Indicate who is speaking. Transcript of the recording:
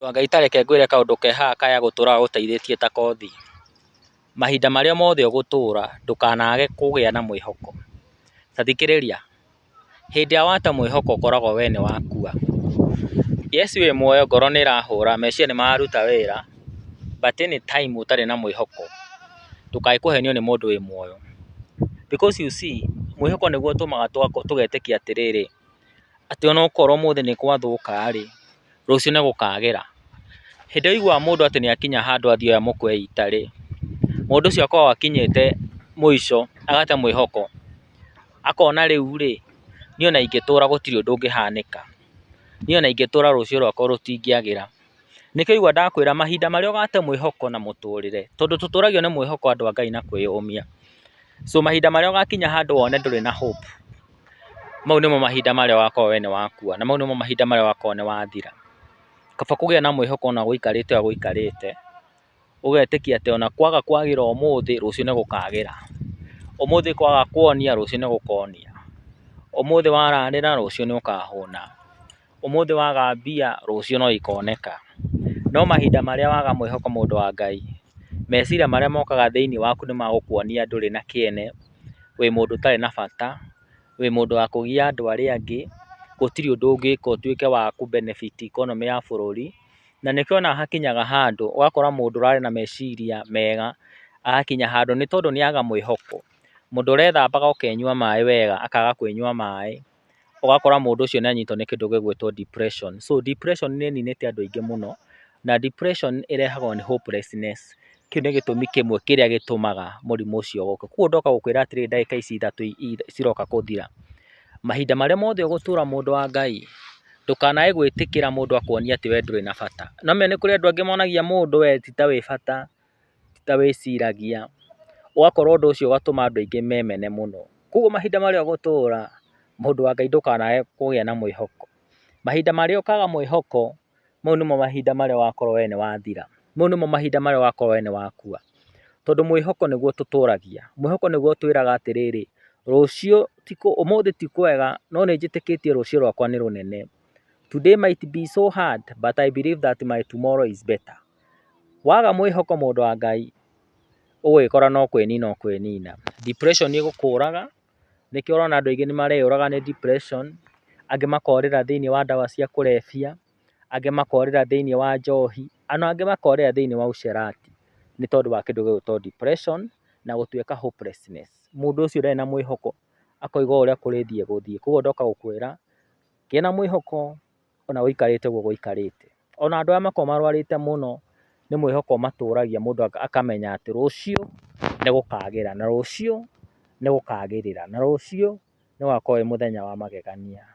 Speaker 1: Wangai tareke ngwĩre kaũndũ kehaga kaya gutura gagũteithĩtie ta kothi. Mahinda marĩa mothe ũgũtũũra, ndũkanaage kũgĩa na mwĩhoko. Ta thikĩrĩria, hĩndĩ ĩrĩa wata mwĩhoko ũkoragwo we nĩwakua. Yes wĩ muoyo, ngoro nĩĩrahũra, meciria nĩmararuta wĩra, but any time ũtarĩ na mwĩhoko, ndũkae kũhenio ni mundu wĩ muoyo. Because you see, mwĩhoko tugetekia ũtũmaga ati ona atĩ muthe ni kwathuka ri rũciũ nĩ gũkagĩra. Hĩndĩ ĩyo ũiguaga mũndũ atĩ nĩ akinya handũ athiĩ oya mũkwa eita-rĩ, mũndũ ũcio akoragwo akinyĩte mũico, agate mwĩhoko, akona rĩu-rĩ, niĩ ona ingĩtũra gũtirĩ ũndũ ũngĩhanĩka, niĩ ona ingĩtũra rũciũ rwakwa rũtingĩagĩra. Nĩkĩo ũiguaga ndakwĩra mahinda marĩa ũgate mwĩhoko na mũtũrĩre, tondũ tũtũragio nĩ mwĩhoko andũ a Ngai na kwĩyũmia. So mahinda marĩa ũgakinya handũ wone ndũrĩ na hope, mau nĩmo mahinda marĩa ũgakorwo we wakua na mau nĩmo mahinda marĩa ũgakorwo wathira kefakuga namwe hoko na guikarite wa guikarite ugete kiate ona kwaga kwagira omuthi ruci ne gukagira omuthi kwagakwonia ruci ne gukonia omuthi waranira ruci ne ukahona omuthi wagabia ruci noikoneka no mahinda maria waga mwe hoko mundu wa ngai mesira maria mokaga theini waku nimagukonia nduri na kiene we mundu tale na fata we mundu waku gii adwa ri angi gũtirĩ ũndũ ũngĩka ũtuĩke wa kũ benefit economy ya bũrũri, na nĩkĩo ona hakinyaga handũ ũgakora mũndũ ũrarĩ na meciria mega, agakinya handũ nĩ tondũ nĩaga mwĩhoko. Mũndũ ũrethambaga ũkenyua maĩ wega akaga kwĩnyua maĩ, ũgakora mũndũ ũcio nĩanyitwo nĩ kĩndũ gĩgwĩtwo depression. So depression nĩĩninĩte andũ aingĩ mũno, na depression ĩrehagwo nĩ hopelessness. Kĩu nĩ gĩtũmi kĩmwe kĩrĩa gĩtũmaga mũrimũ ũcio ũke. Kuoguo ndoka gũkwĩra atĩrĩrĩ ndagĩka ici ithatũ ciroka gũthira bahida mare mo otura mundu wa ngai tukanae gwitikira mundu akwonia ati wedru na fata na me ne kuriedu ange monagia mundu wetita we fata tita we ciragia wakoro ndu ucio gatuma adu ange memene muno kugo mahida mare agotura mundu wa ngai tukanae kugia na muihoko bahida mare okaga muihoko muno ma mahida mare wakoro ene wathira muno ma mahida mare wakoro ene wakua tondu muihoko niguo tuturagia muihoko niguo twiraga atiriri rũciũ tiku ũmũthĩ ti kwega no nĩ njĩtĩkĩtie rũciũ rwakwa nĩ rũnene today might be so hard but i believe that my tomorrow is better waga mwĩhoko mũndũ wa ngai ũgwĩkora no kwĩnina ũkwĩnina depression nĩ ĩgũkũraga nĩkĩo ũrona andũ aingĩ nĩ mareyũraga nĩ depression angĩ makorĩra thĩinĩ wa ndawa cia kũrebia angĩ makorĩra thĩinĩ wa njohi ona angĩ makorĩra thĩinĩ wa ũcerati nĩ tondũ wa kĩndũ gĩgwĩtwo depression na otweka hopelessness mudo ucio da na mwihoko ako igora kurethie guthie kugo ndoka gukwera kena mwihoko ona uika rite go uika rite ona andu ya makoma rwarite muno ni mwihoko maturagia mudo akamenya ati rucio ni gukagira na rucio ni gukagirira na rucio ni wakoi muthenya wa makegania